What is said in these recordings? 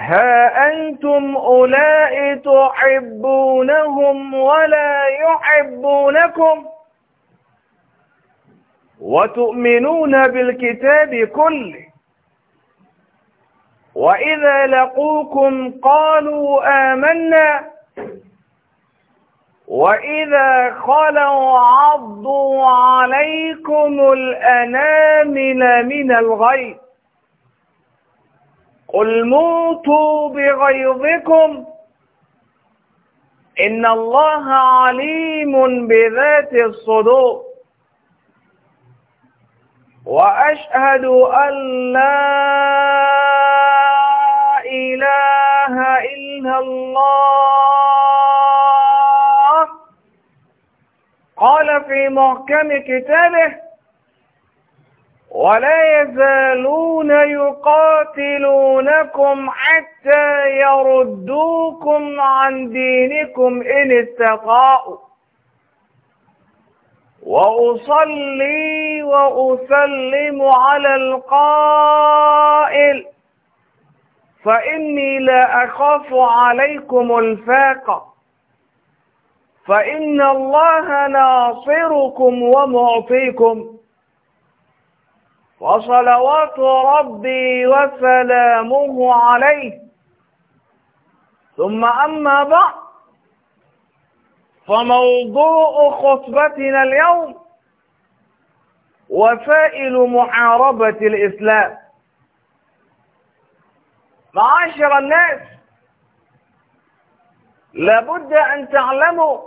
ها أنتم أولئك تحبونهم ولا يحبونكم وتؤمنون بالكتاب كله وإذا لقوكم قالوا آمنا وإذا خلوا عضوا عليكم الأنامل من الغيث قل موتوا بغيظكم إن الله عليم بذات الصدور وأشهد أن لا إله إلا الله قال في محكم كتابه ولا يزالون يقاتلونكم حتى يردوكم عن دينكم إن استقاءوا وأصلي وأسلم على القائل فإني لا أخاف عليكم الفاقة فإن الله ناصركم ومعطيكم وصلوات ربي وسلامه عليه ثم أما بعد فموضوع خطبتنا اليوم وسائل محاربة الإسلام معاشر الناس لابد أن تعلموا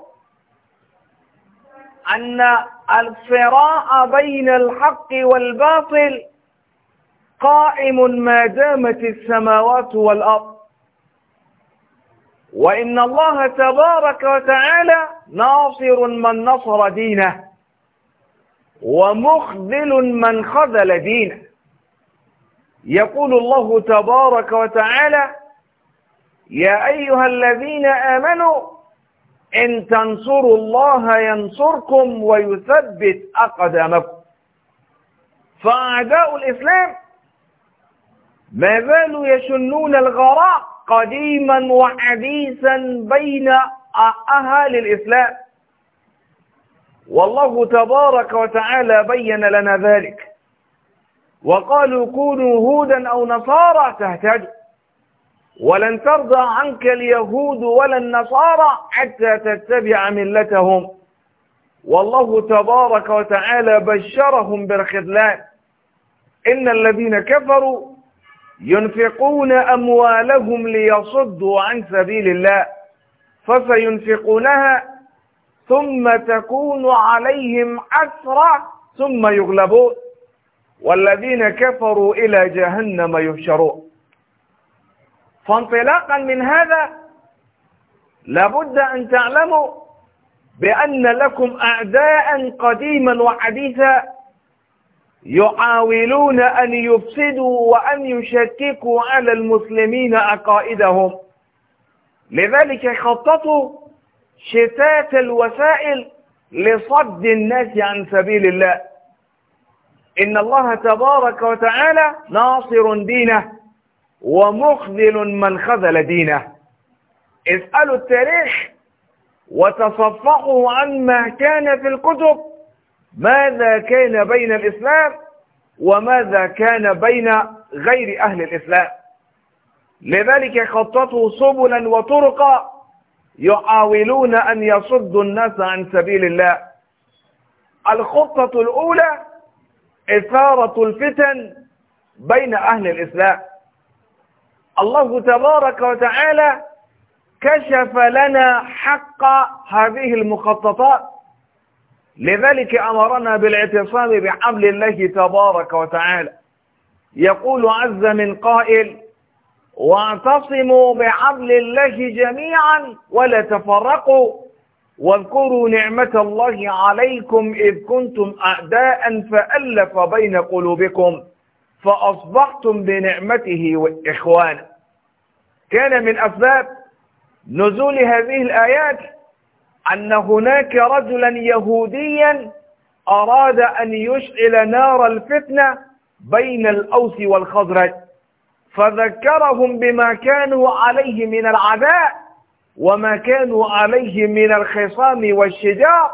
أن الصراع بين الحق والباطل قائم ما دامت السماوات والأرض وإن الله تبارك وتعالى ناصر من نصر دينه ومخذل من خذل دينه يقول الله تبارك وتعالى يا أيها الذين آمنوا إن تنصروا الله ينصركم ويثبت أقدامكم فأعداء الإسلام ما زالوا يشنون الغراء قديما وحديثا بين أهل الإسلام والله تبارك وتعالى بين لنا ذلك وقالوا كونوا هودا أو نصارى تهتدوا ولن ترضى عنك اليهود ولا النصارى حتى تتبع ملتهم والله تبارك وتعالى بشرهم بالخذلان إن الذين كفروا ينفقون أموالهم ليصدوا عن سبيل الله فسينفقونها ثم تكون عليهم أسرع ثم يغلبون والذين كفروا إلى جهنم يحشرون فانطلاقا من هذا لابد أن تعلموا بأن لكم أعداء قديما وحديثا يحاولون أن يفسدوا وأن يشككوا على المسلمين عقائدهم لذلك خططوا شتات الوسائل لصد الناس عن سبيل الله إن الله تبارك وتعالى ناصر دينه ومخذل من خذل دينه اسألوا التاريخ وتصفحوا عن ما كان في الكتب ماذا كان بين الإسلام وماذا كان بين غير أهل الإسلام لذلك خططوا سبلا وطرقا يحاولون أن يصدوا الناس عن سبيل الله الخطة الأولى إثارة الفتن بين أهل الإسلام الله تبارك وتعالى كشف لنا حق هذه المخططات لذلك أمرنا بالاعتصام بحبل الله تبارك وتعالى يقول عز من قائل واعتصموا بحبل الله جميعا ولا تفرقوا واذكروا نعمة الله عليكم إذ كنتم أعداء فألف بين قلوبكم فأصبحتم بنعمته إخوانا كان من أسباب نزول هذه الآيات أن هناك رجلا يهوديا أراد أن يشعل نار الفتنة بين الأوس والخزرج فذكرهم بما كانوا عليه من العداء وما كانوا عليه من الخصام والشجار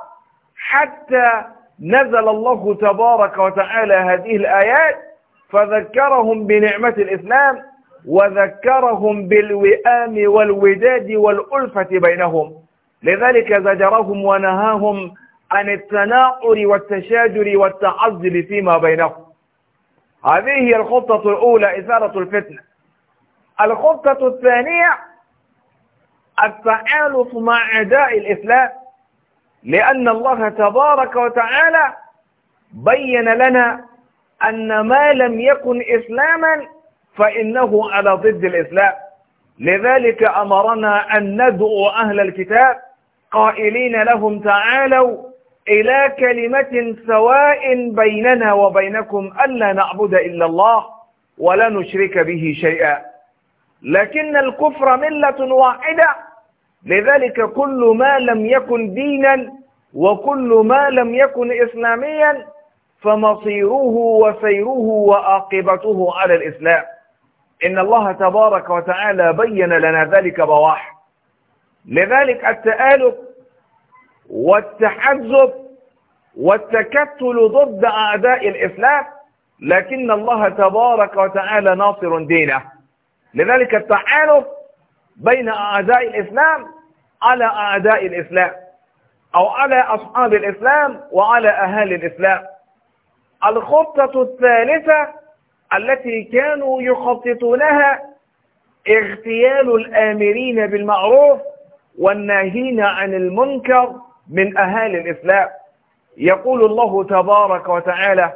حتى نزل الله تبارك وتعالى هذه الآيات فذكرهم بنعمة الإسلام وذكرهم بالوئام والوداد والألفة بينهم لذلك زجرهم ونهاهم عن التناعر والتشاجر والتعزل فيما بينهم هذه هي الخطة الأولى إثارة الفتنة الخطة الثانية التحالف مع أعداء الإسلام لأن الله تبارك وتعالى بين لنا أن ما لم يكن إسلاما فإنه على ضد الإسلام لذلك أمرنا أن ندعو أهل الكتاب قائلين لهم تعالوا إلى كلمة سواء بيننا وبينكم ألا نعبد إلا الله ولا نشرك به شيئا لكن الكفر ملة واحدة لذلك كل ما لم يكن دينا وكل ما لم يكن إسلاميا فمصيره وسيره وآقبته على الإسلام إن الله تبارك وتعالى بين لنا ذلك بواح لذلك التآلف والتحزب والتكتل ضد أعداء الإسلام لكن الله تبارك وتعالى ناصر دينه لذلك التحالف بين أعداء الإسلام على أعداء الإسلام أو على أصحاب الإسلام وعلى أهالي الإسلام الخطة الثالثة التي كانوا يخططونها اغتيال الآمرين بالمعروف والناهين عن المنكر من أهالي الإسلام يقول الله تبارك وتعالى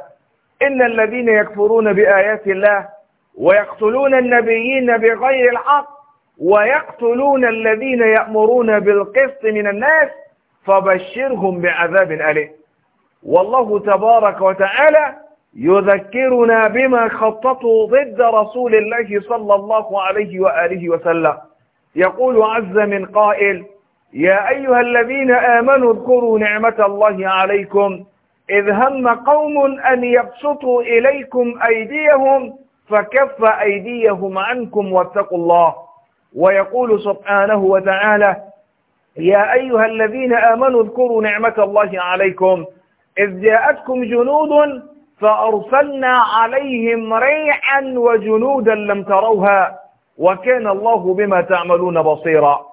إن الذين يكفرون بآيات الله ويقتلون النبيين بغير الحق ويقتلون الذين يأمرون بالقسط من الناس فبشرهم بعذاب أليم والله تبارك وتعالى يذكرنا بما خططوا ضد رسول الله صلى الله عليه وآله وسلم يقول عز من قائل يا أيها الذين آمنوا اذكروا نعمة الله عليكم إذ هم قوم أن يبسطوا إليكم أيديهم فكف أيديهم عنكم واتقوا الله ويقول سبحانه وتعالى يا أيها الذين آمنوا اذكروا نعمة الله عليكم إذ جاءتكم جنود فأرسلنا عليهم ريحا وجنودا لم تروها وكان الله بما تعملون بصيرا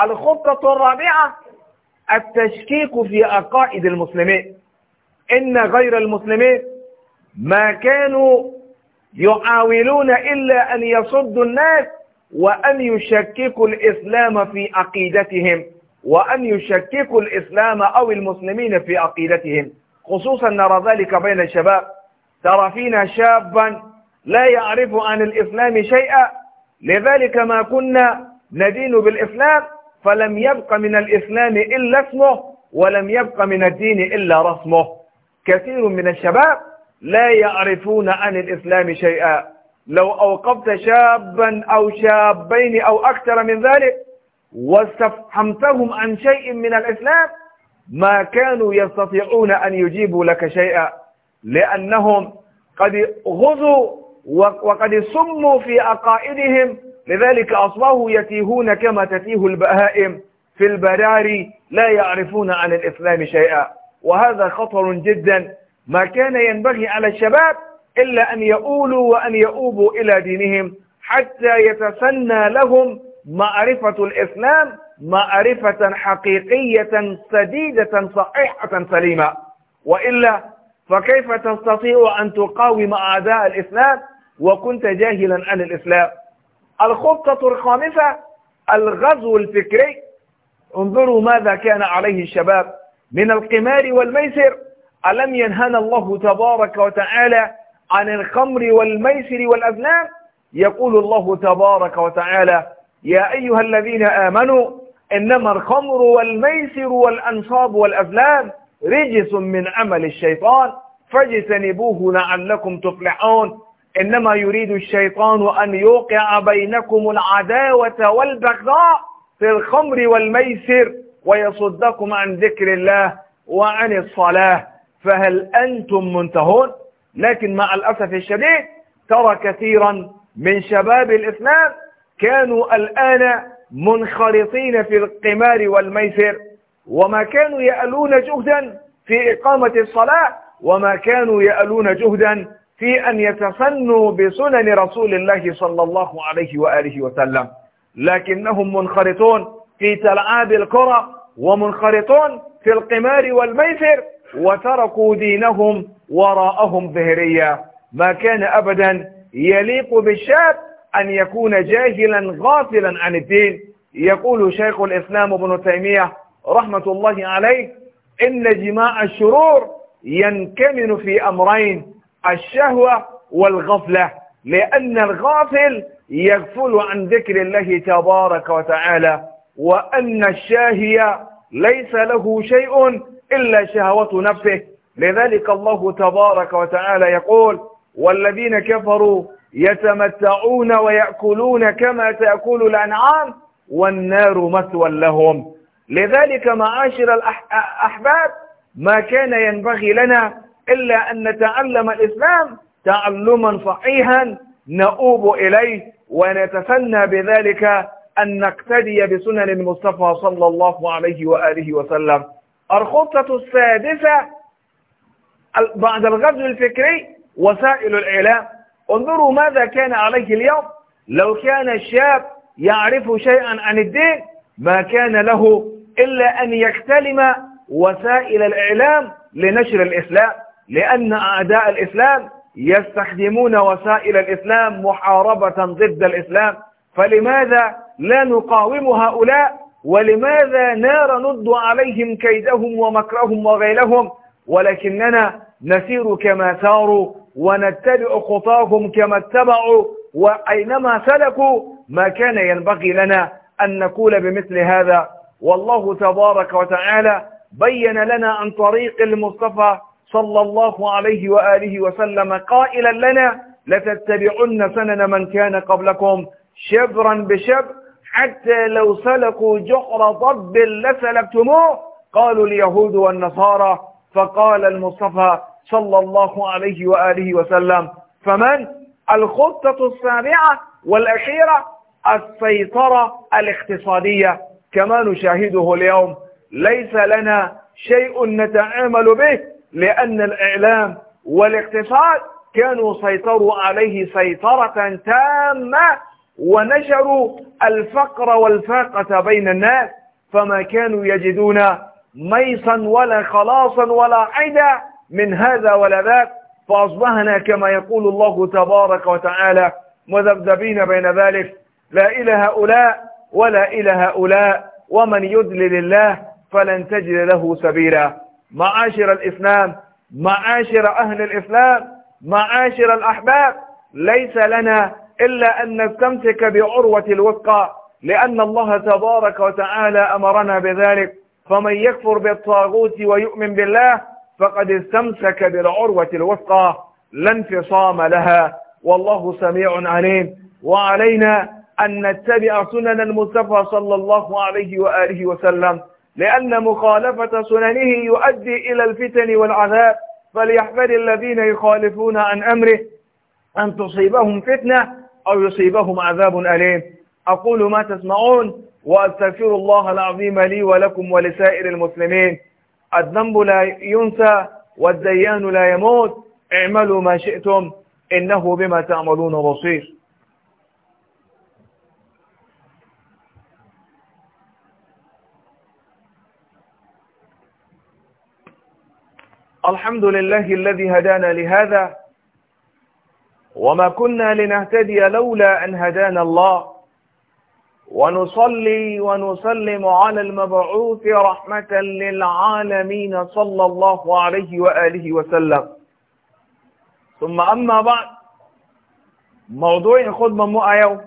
الخطة الرابعة التشكيك في عقائد المسلمين إن غير المسلمين ما كانوا يحاولون إلا أن يصدوا الناس وأن يشككوا الإسلام في عقيدتهم وأن يشككوا الإسلام أو المسلمين في عقيدتهم خصوصا نرى ذلك بين الشباب ترى فينا شابا لا يعرف عن الإسلام شيئا لذلك ما كنا ندين بالإسلام فلم يبق من الإسلام إلا اسمه ولم يبق من الدين إلا رسمه كثير من الشباب لا يعرفون عن الإسلام شيئا لو أوقفت شابا أو شابين أو أكثر من ذلك واستفهمتهم عن شيء من الإسلام ما كانوا يستطيعون أن يجيبوا لك شيئا لأنهم قد غزوا وقد سموا في عقائدهم لذلك أصبحوا يتيهون كما تتيه البهائم في البراري لا يعرفون عن الإسلام شيئا وهذا خطر جدا ما كان ينبغي على الشباب إلا أن يؤولوا وأن يؤوبوا إلى دينهم حتى يتسنى لهم معرفة الإسلام معرفة حقيقية سديدة صحيحة سليمة وإلا فكيف تستطيع أن تقاوم أعداء الإسلام وكنت جاهلا عن الإسلام الخطة الخامسة الغزو الفكري انظروا ماذا كان عليه الشباب من القمار والميسر ألم ينهنا الله تبارك وتعالى عن الخمر والميسر والأذنان يقول الله تبارك وتعالى يا أيها الذين آمنوا إنما الخمر والميسر والأنصاب والأزلام رجس من عمل الشيطان فاجتنبوه لعلكم تفلحون إنما يريد الشيطان أن يوقع بينكم العداوة والبغضاء في الخمر والميسر ويصدكم عن ذكر الله وعن الصلاة فهل أنتم منتهون لكن مع الأسف الشديد ترى كثيرا من شباب الإسلام كانوا الآن منخرطين في القمار والميسر وما كانوا يألون جهدا في إقامة الصلاة وما كانوا يألون جهدا في أن يتفنوا بسنن رسول الله صلى الله عليه وآله وسلم لكنهم منخرطون في تلعاب الكرة ومنخرطون في القمار والميسر وتركوا دينهم وراءهم ظهريا ما كان أبدا يليق بالشاب أن يكون جاهلا غافلا عن الدين يقول شيخ الإسلام ابن تيمية رحمة الله عليه إن جماع الشرور ينكمن في أمرين الشهوة والغفلة لأن الغافل يغفل عن ذكر الله تبارك وتعالى وأن الشاهي ليس له شيء إلا شهوة نفسه لذلك الله تبارك وتعالى يقول والذين كفروا يتمتعون ويأكلون كما تأكل الأنعام والنار مثوى لهم لذلك معاشر الأحباب ما كان ينبغي لنا إلا أن نتعلم الإسلام تعلما صحيحا نؤوب إليه ونتفنى بذلك أن نقتدي بسنن المصطفى صلى الله عليه وآله وسلم الخطة السادسة بعد الغزو الفكري وسائل الإعلام انظروا ماذا كان عليه اليوم لو كان الشاب يعرف شيئا عن الدين ما كان له إلا أن يختلم وسائل الإعلام لنشر الإسلام لأن أعداء الإسلام يستخدمون وسائل الإسلام محاربة ضد الإسلام فلماذا لا نقاوم هؤلاء ولماذا لا نرد عليهم كيدهم ومكرهم وغيلهم ولكننا نسير كما ساروا ونتبع خطاهم كما اتبعوا وأينما سلكوا ما كان ينبغي لنا أن نقول بمثل هذا والله تبارك وتعالى بين لنا عن طريق المصطفى صلى الله عليه وآله وسلم قائلا لنا لتتبعن سنن من كان قبلكم شبرا بشبر حتى لو سلكوا جحر ضب لسلكتموه قالوا اليهود والنصارى فقال المصطفى صلى الله عليه وآله وسلم فمن الخطة السابعة والأخيرة السيطرة الاقتصادية كما نشاهده اليوم ليس لنا شيء نتعامل به لأن الإعلام والاقتصاد كانوا سيطروا عليه سيطرة تامة ونشروا الفقر والفاقة بين الناس فما كانوا يجدون ميصا ولا خلاصا ولا عدا من هذا ولا ذاك فأصبحنا كما يقول الله تبارك وتعالى مذبذبين بين ذلك لا إلى هؤلاء ولا إلى هؤلاء ومن يدلل الله فلن تجد له سبيلا معاشر الإسلام معاشر أهل الإسلام معاشر الأحباب ليس لنا إلا أن نستمسك بعروة الوثقى لأن الله تبارك وتعالى أمرنا بذلك فمن يكفر بالطاغوت ويؤمن بالله فقد استمسك بالعروة الوثقى لا انفصام لها والله سميع عليم وعلينا أن نتبع سنن المصطفى صلى الله عليه وآله وسلم لأن مخالفة سننه يؤدي إلى الفتن والعذاب فليحذر الذين يخالفون عن أمره أن تصيبهم فتنة أو يصيبهم عذاب أليم أقول ما تسمعون وأستغفر الله العظيم لي ولكم ولسائر المسلمين الذنب لا ينسى والديان لا يموت اعملوا ما شئتم إنه بما تعملون بصير الحمد لله الذي هدانا لهذا وما كنا لنهتدي لولا أن هدانا الله ونصلي ونسلم على المبعوث رحمة للعالمين صلى الله عليه وآله وسلم ثم أما بعد موضوع خدمة مؤيو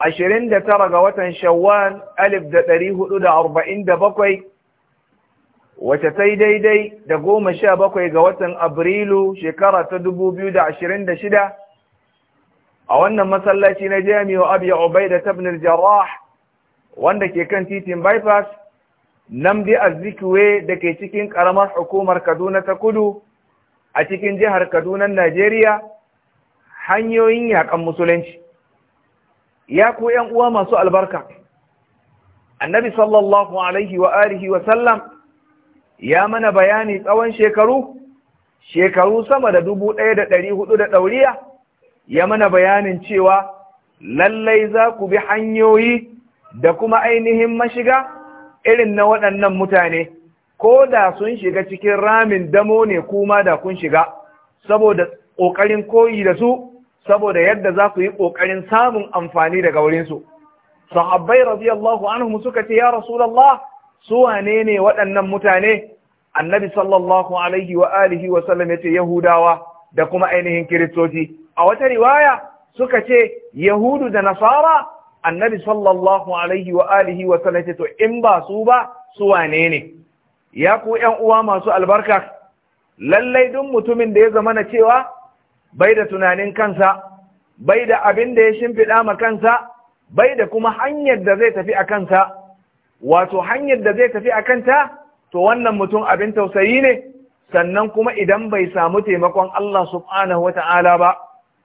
عشرين دا ترق وطن شوال ألف دا تريه دا أربعين دا بقوي وتتي دي دي دا قوم شا بقوي وطن أبريلو شكرة تدبو بيو دا عشرين دا شده a wannan masallaci na jami'o abu ubaida da al-jarrah wanda ke kan titin bypass namdi azikwe da ke cikin karamar hukumar kaduna ta kudu a cikin jihar kaduna najeriya hanyoyin yakan musulunci ya ku yan uwa masu albarka annabi sallallahu alaihi wa alihi wa sallam ya mana bayani tsawon shekaru shekaru sama da dubu ɗaya da ɗari hudu da ɗauriya ya mana bayanin cewa lallai za ku bi hanyoyi da kuma ainihin mashiga irin na waɗannan mutane ko da sun shiga cikin ramin damo ne kuma da kun shiga saboda ƙoƙarin koyi da su saboda yadda za ku yi ƙoƙarin samun amfani daga wurinsu sahabbai radiyallahu anhum suka ce ya rasulallah? su wane ne waɗannan mutane annabi sallallahu alaihi wa alihi wa sallam yace yahudawa da kuma ainihin kiristoci a wata riwaya suka ce yahudu da nasara annabi sallallahu alaihi wa alihi wa sallam to in ba su ba su wane ne ya ku ƴan uwa masu albarka lallai duk mutumin da ya zama na cewa bai da tunanin kansa bai da abin da ya shimfiɗa ma kansa bai da kuma hanyar da zai tafi a kansa wato hanyar da zai tafi a kanta to wannan mutum abin tausayi ne sannan kuma idan bai samu taimakon Allah subhanahu ta'ala ba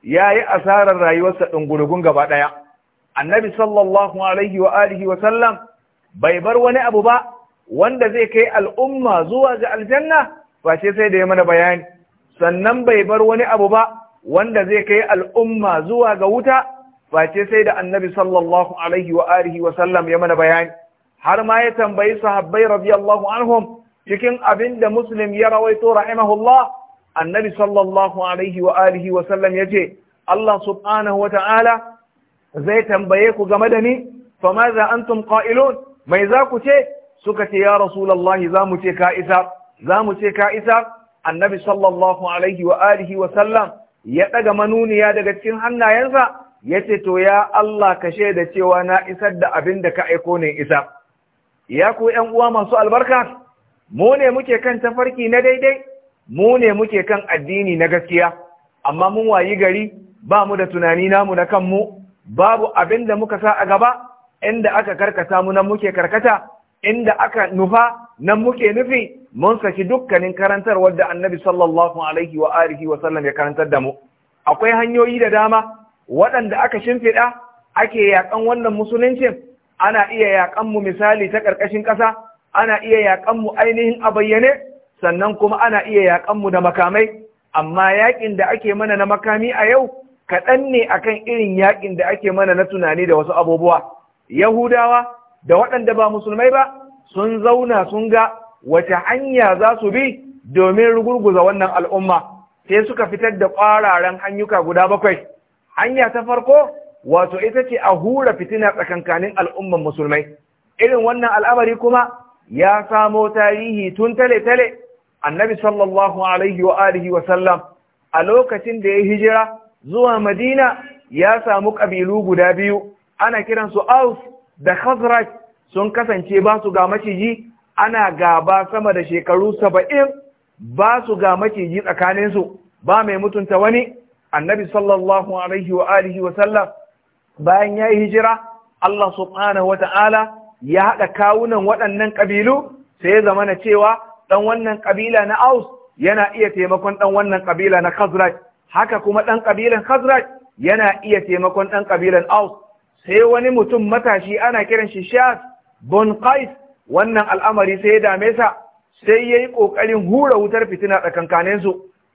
ya yi asarar rayuwarsa ɗungurgun gaba ɗaya annabi sallallahu alaihi wa alihi wa sallam bai bar wani abu ba wanda zai kai al'umma zuwa ga aljanna face sai da ya mana bayani sannan bai bar wani abu ba wanda zai kai al'umma zuwa ga wuta face sai da annabi sallallahu alaihi wa alihi wa sallam ya mana bayani har ma ya tambayi sahabbai radiyallahu anhum cikin abin da muslim ya rawaito rahimahullah annabi sallallahu alaihi wa alihi wa sallam yace Allah subhanahu wa ta'ala zai tambaye ku game da ni fa an antum qa'ilun mai za ku ce suka ce ya rasulullahi za mu ce ka isa za mu ce ka isa annabi sallallahu alaihi wa alihi wa sallam ya daga manuniya daga cikin hannayensa yace to ya Allah ka shaida cewa na isar da abin da ka aiko ne isa ya ku ƴan uwa masu albarka mu ne muke kan tafarki na daidai mu ne muke kan addini na gaskiya amma mun wayi gari ba mu da tunani namu na kanmu babu abin da muka sa a gaba inda aka karkata mu nan muke karkata inda aka nufa nan muke nufi mun saki dukkanin karantar wadda annabi sallallahu alaihi wa alihi wa sallam ya karantar da mu akwai hanyoyi da dama waɗanda aka shimfiɗa ake yaƙan wannan musuluncin ana iya yaƙan mu misali ta ƙarƙashin ƙasa ana iya yaƙan mu ainihin a bayyane sannan kuma ana iya yaƙanmu da makamai amma yaƙin da ake mana na makami a yau kaɗan ne akan irin yaƙin da ake mana na tunani da wasu abubuwa yahudawa da waɗanda ba musulmai ba sun zauna sun ga wace hanya za su bi domin rugurguza wannan al'umma sai suka fitar da ƙwararen hanyuka guda bakwai hanya ta farko wato ita ce a hura fitina tsakankanin al'umman musulmai irin wannan al'amari kuma ya samo tarihi tun tale-tale annabi sallallahu alaihi wa alihi wa sallam a lokacin da ya hijira zuwa madina ya samu kabilu guda biyu ana kiransu aus da khazraj sun kasance ba su ga maciji ana gaba sama da shekaru saba'in ba su ga maciji tsakaninsu ba mai mutunta wani annabi sallallahu alaihi wa alihi wa sallam bayan ya yi hijira Allah subhanahu wa ta'ala ya haɗa kawunan waɗannan ƙabilu sai ya zama na cewa dan wannan kabila na Aus yana iya taimakon dan wannan kabila na Khazraj haka kuma dan kabilan Khazraj yana iya taimakon dan kabilan Aus sai wani mutum matashi ana kiran shi Shas bin Qais wannan al'amari sai ya dame sa sai yayi kokarin hura wutar fitina tsakankanin su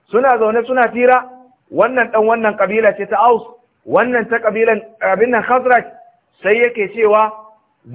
suna zaune suna tira wannan dan wannan kabila ce ta Aus wannan ta kabilan abin nan Khazraj sai yake cewa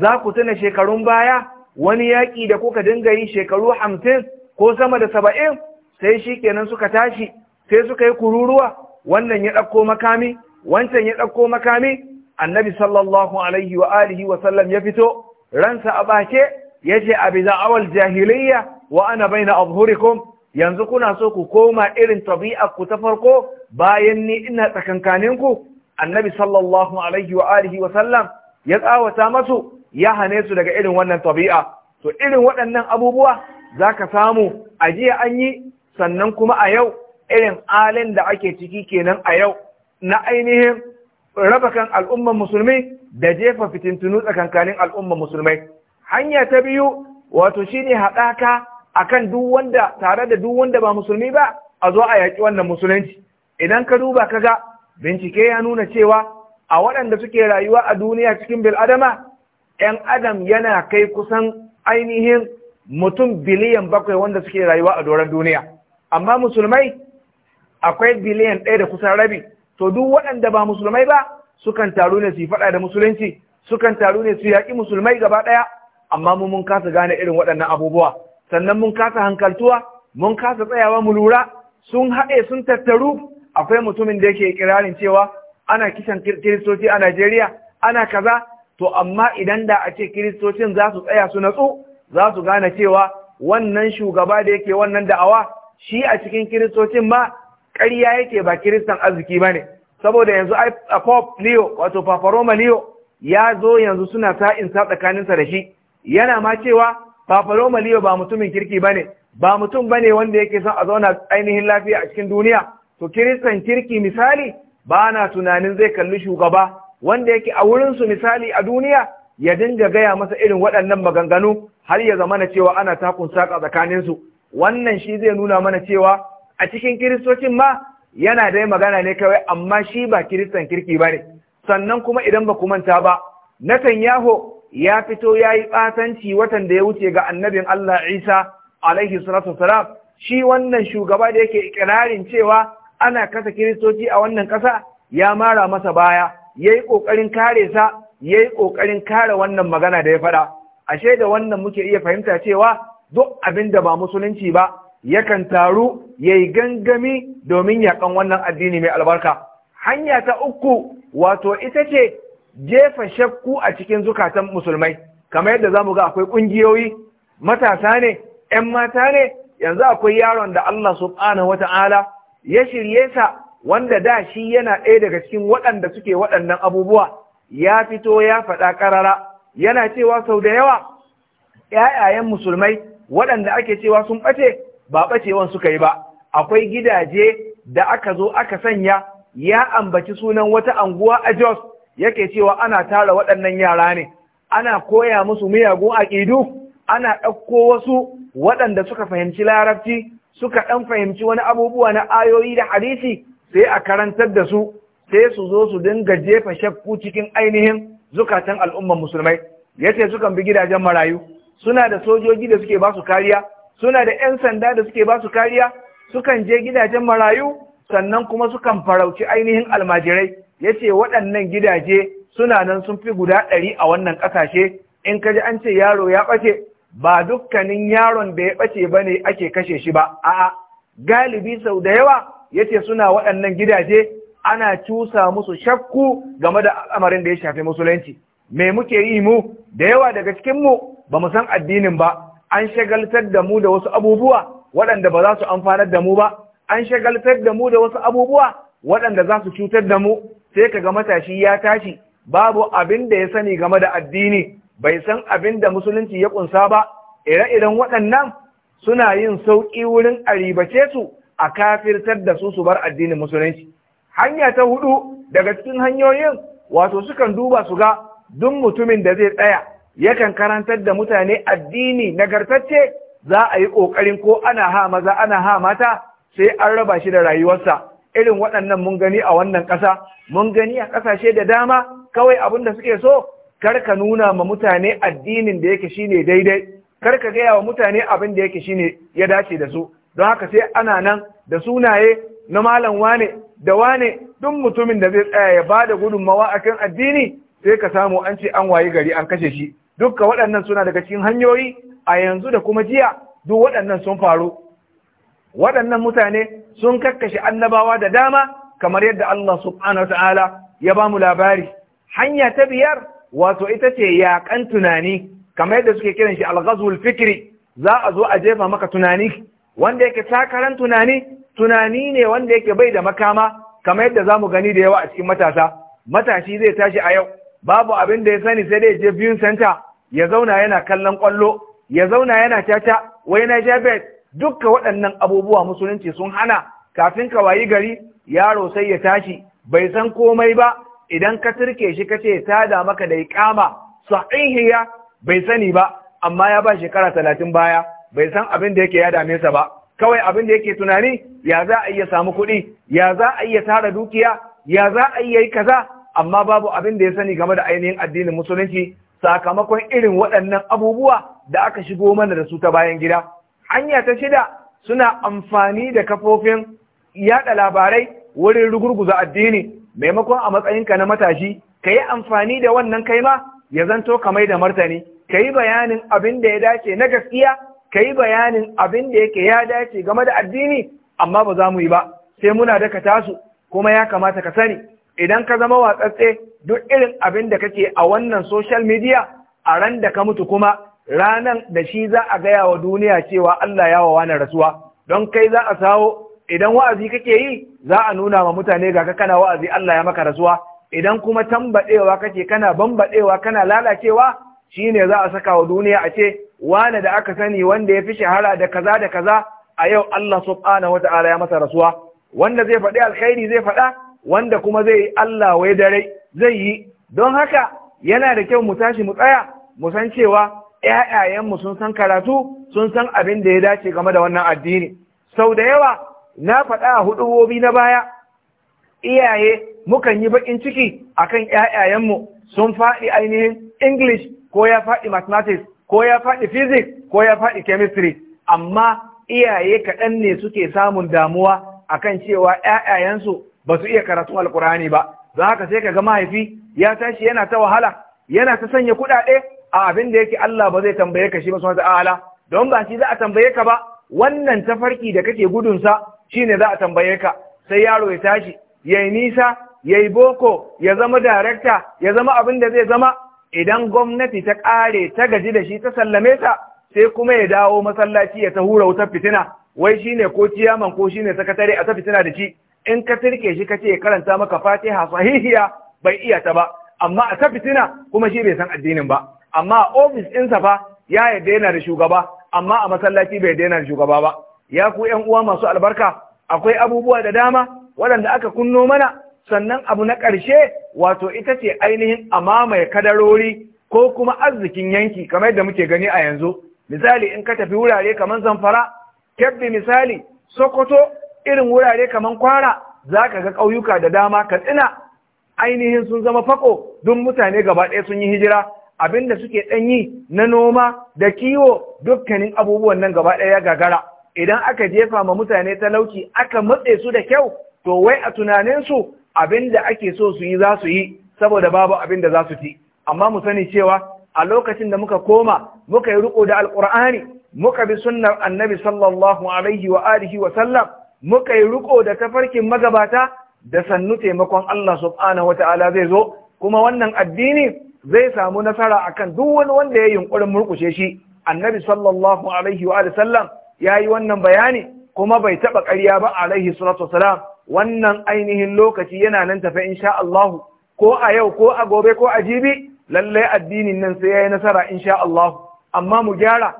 za ku tuna shekarun baya wani yaƙi da kuka dinga yi shekaru hamsin ko sama da saba'in sai shi kenan suka tashi sai suka yi kururuwa wannan ya ɗauko makami wancan ya ɗauko makami annabi sallallahu alaihi wa alihi wa sallam ya fito ransa a bace ya ce a biza awal jahiliya wa ana baina abhurikum yanzu kuna so ku koma irin tabi'ar ku ta farko bayan ni ina tsakankaninku annabi sallallahu alaihi wa alihi wa sallam ya tsawata masu ya hane su daga irin wannan tabi'a to irin waɗannan abubuwa za ka samu a jiya an yi sannan kuma a yau irin alin da ake ciki kenan a yau na ainihin raba kan al'umman musulmi da jefa fitintunu tsakankanin al'umman musulmai hanya ta biyu wato shine haɗaka akan duk wanda tare da duk ba musulmi ba a zo a yaƙi wannan musulunci idan ka duba kaga bincike ya nuna cewa a waɗanda suke rayuwa a duniya cikin bil'adama 'yan adam yana kai kusan ainihin mutum biliyan bakwai wanda suke rayuwa a doron duniya amma musulmai akwai biliyan ɗaya da kusan rabi to duk waɗanda ba musulmai ba sukan taru ne su yi faɗa da musulunci sukan taru ne su yaƙi musulmai gaba ɗaya amma mu mun kasa gane irin waɗannan abubuwa sannan mun kasa hankaltuwa mun kasa tsayawa mu lura sun haɗe sun tattaru akwai mutumin da yake kirarin cewa ana kisan kiristoci a Najeriya ana kaza to amma idan da a ce kiristocin za su tsaya su natsu za su gane cewa wannan shugaba da yake wannan da'awa shi a cikin kiristocin ma ƙarya yake ba kiristan arziki ba ne saboda yanzu a pop leo wato roma leo ya zo yanzu suna sa'in sa tsakaninsa da shi yana ma cewa roma leo ba mutumin kirki ba ne ba mutum ba ne wanda yake son a zauna ainihin lafiya a cikin duniya to kiristan kirki misali ba na tunanin zai kalli shugaba wanda yake a wurinsu misali a duniya ya dinga gaya masa irin waɗannan maganganu har ya zamana cewa ana takun saƙa tsakaninsu wannan shi zai nuna mana cewa a cikin kiristocin ma yana dai magana ne kawai amma shi ba kiristan kirki ba ne sannan kuma idan ba ku manta ba Nathan Yaho ya fito ya yi ɓatanci watan da ya wuce ga annabin Allah Isa alaihi salatu wasalam shi wannan shugaba da yake ikirarin cewa ana kasa kiristoci a wannan ƙasa ya mara masa baya ya yi ƙoƙarin kare sa ya yi ƙoƙarin kare wannan magana da ya faɗa ashe da wannan muke iya fahimta cewa duk abin da ba musulunci ba yakan taru ya yi gangami domin yaƙan wannan addini mai albarka hanya ta uku wato ita ce jefa shakku a cikin zukatan musulmai kamar yadda za mu ga akwai ƙungiyoyi matasa ne 'yan mata ne yanzu akwai yaron da Allah subhanahu ta'ala ya shirye sa wanda da shi yana ɗaya daga cikin waɗanda suke waɗannan abubuwa ya fito ya faɗa ƙarara yana cewa sau da yawa ‘ya'yayen musulmai waɗanda ake cewa sun ɓace ba ɓacewan suka yi ba akwai gidaje da aka zo aka sanya ya ambaci sunan wata anguwa a Jos yake cewa ana tara waɗannan yara ne ana koya musu miyagun aƙidu ana ɗauko wasu waɗanda suka fahimci larabci suka ɗan fahimci wani abubuwa na ayoyi da hadisi sai a karantar da su sai su zo su dinga jefa shakku cikin ainihin zukatan al'ummar musulmai yace sukan bi gidajen marayu suna da sojoji da suke ba su kariya suna da 'yan sanda da suke ba su kariya sukan je gidajen marayu sannan kuma sukan farauci ainihin almajirai yace waɗannan gidaje suna nan sun fi guda ɗari a wannan ƙasashe in ka ji an ce yaro ya ɓace ba dukkanin yaron da ya ɓace ba ne ake kashe shi ba a'a galibi sau da yawa yace suna waɗannan gidaje ana cusa musu shakku game da al'amarin da ya shafi musulunci me muke yi mu da yawa daga cikin mu ba mu san addinin ba an shagaltar da mu da wasu abubuwa waɗanda ba za su amfanar da mu ba an shagaltar da mu da wasu abubuwa waɗanda za su cutar da mu sai ka ga matashi ya tashi babu abin da ya sani game da addini bai san abin da musulunci ya kunsa ba ire-iren waɗannan suna yin sauƙi wurin a su a kafirtar da su su bar addinin musulunci hanya ta hudu daga cikin hanyoyin wato sukan duba su ga duk mutumin da zai tsaya yakan karantar da mutane addini nagartacce za a yi ƙoƙarin ko ana ha maza ana ha mata sai an raba shi da rayuwarsa irin waɗannan mun gani a wannan ƙasa mun gani a ƙasashe da dama kawai abin da suke so kar ka nuna ma mutane addinin da yake shine daidai kar ka gaya wa mutane abin da yake shine ya dace da su don haka sai ana nan da sunaye na malam wane da wane duk mutumin da zai tsaya ya ba gudummawa gudunmawa kan addini sai ka samu an ce an wayi gari an kashe shi dukka waɗannan suna daga cikin hanyoyi a yanzu da kuma jiya duk waɗannan sun faru waɗannan mutane sun kakkashe annabawa da dama kamar yadda Allah subhanahu ta'ala ya ba mu labari hanya ta biyar wato ita ce yaƙan tunani kamar yadda suke kiran shi al fikri za a zo a jefa maka tunani wanda yake takaran tunani tunani ne wanda yake bai da makama kamar yadda zamu gani da yawa a cikin matasa matashi zai tashi a yau babu abin da ya sani sai dai je biyun senta. ya zauna yana kallon kwallo ya zauna yana caca wai na jabet dukka waɗannan abubuwa musulunci sun hana kafin ka wayi gari yaro sai ya tashi bai san komai ba idan ka turke shi ka ce ta da maka da iqama sahihiya bai sani ba amma ya ba shekara talatin baya bai san abin da yake ya dame sa ba kawai abin da yake tunani ya za a iya samu kuɗi ya za a iya tara dukiya ya za a iya yi kaza amma babu abin da ya sani game da ainihin addinin musulunci sakamakon irin waɗannan abubuwa da aka shigo mana da su ta bayan gida hanya ta shida suna amfani da kafofin yaɗa labarai wurin rugurguza addini maimakon a matsayinka na matashi ka yi amfani da wannan kaima ma ya zanto kamai da martani ka yi bayanin abin da ya dace na gaskiya ka yi bayanin abin da yake ya dace game da addini amma ba za mu yi ba sai muna daka tasu kuma ya kamata ka sani idan ka zama watsatse duk irin abin da kake a wannan social media a ran da ka mutu kuma ranan da shi za a gaya wa duniya cewa Allah ya wa wani rasuwa don kai za a sawo idan wa'azi kake yi za a nuna wa mutane ga kana wa'azi Allah ya maka rasuwa idan kuma tambadewa kake kana bambadewa kana lalacewa shine za a saka wa duniya a ce wane da aka sani wanda ya fi shahara da kaza da kaza a yau Allah subhanahu wata'ala ya masa rasuwa wanda zai faɗi alkhairi zai faɗa wanda kuma zai yi Allah wai dare zai yi don haka yana da kyau mu tashi mu tsaya mu san cewa mu sun san karatu sun san abin da ya dace game da wannan addini sau da yawa na faɗa a hudubobi na baya iyaye mukan yi baƙin ciki akan mu sun faɗi ainihin English ko ya faɗi mathematics ko ya faɗi physics ko ya faɗi chemistry amma iyaye kaɗan ne suke samun damuwa a kan cewa ‘ya'yayensu ba su iya karatun alkur'ani ba don haka sai ka ga mahaifi ya tashi yana ta wahala yana ta sanya kuɗaɗe a abin da yake Allah ba zai tambaye ka shi ba wata ala? don ba shi za a tambaye ka ba wannan tafarki da kake gudunsa shine za a tambaye ka sai yaro ya tashi yayi nisa yayi boko ya zama darekta ya zama abin da zai zama idan gwamnati ta ƙare ta gaji da shi ta sallame ta sai kuma ya dawo masallaci ya ta hura wutar fitina wai shine ko ciyaman ko shi ne sakatare a ta fitina da shi in ka tirke shi ka ya karanta maka fatiha sahihiya bai iya ta ba amma a ta fitina kuma shi bai san addinin ba amma a ofis ɗinsa fa ya yadda yana da shugaba amma a masallaci bai daina da shugaba ba ya ku ƴan uwa masu albarka akwai abubuwa da dama waɗanda aka kunno mana sannan abu na ƙarshe wato ita ce ainihin amamaye kadarori ko kuma arzikin yanki kamar yadda muke gani a yanzu misali in ka tafi wurare kamar zamfara kebbi misali sokoto irin wurare kamar kwara za ka ga ƙauyuka da dama katsina ainihin sun zama faƙo, duk mutane gaba ɗaya sun yi hijira abin da suke ɗan yi na noma da kiwo dukkanin abubuwan nan gaba ɗaya gagara idan aka jefa ma mutane talauci aka matse su da kyau to wai a tunaninsu abin da ake so su yi za su yi saboda babu abin da za su ci amma mu sani cewa a lokacin da muka koma muka yi riko da alkur'ani muka bi sunnar annabi sallallahu alaihi wa alihi wa sallam muka yi riko da tafarkin magabata da sannu taimakon Allah subhanahu wataala zai zo kuma wannan addini zai samu nasara akan duk wani wanda ya yunkurin murkushe shi annabi sallallahu alaihi wa sallam ya yi wannan bayani kuma bai taɓa ƙarya ba alaihi salatu wasalam wannan ainihin lokaci yana nan tafe insha Allah ko a yau ko a gobe ko a jibi lallai addinin nan sai yi nasara insha Allah amma mu gyara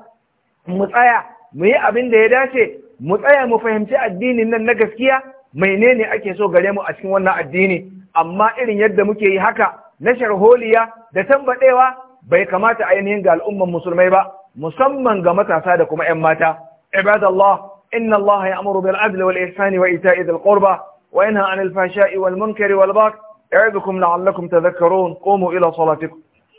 mu tsaya mu yi abin da ya dace mu tsaya mu fahimci addinin nan na gaskiya menene ake so gare mu a cikin wannan addini amma irin yadda muke yi haka na sharholiya da tambadewa bai kamata ainihin ga al'umman musulmai ba musamman ga matasa da kuma 'yan mata ibadallah إن الله يأمر بالعدل والإحسان وإيتاء ذي القربى وينهى عن الفحشاء والمنكر والبغي يعظكم لعلكم تذكرون قوموا إلى صلاتكم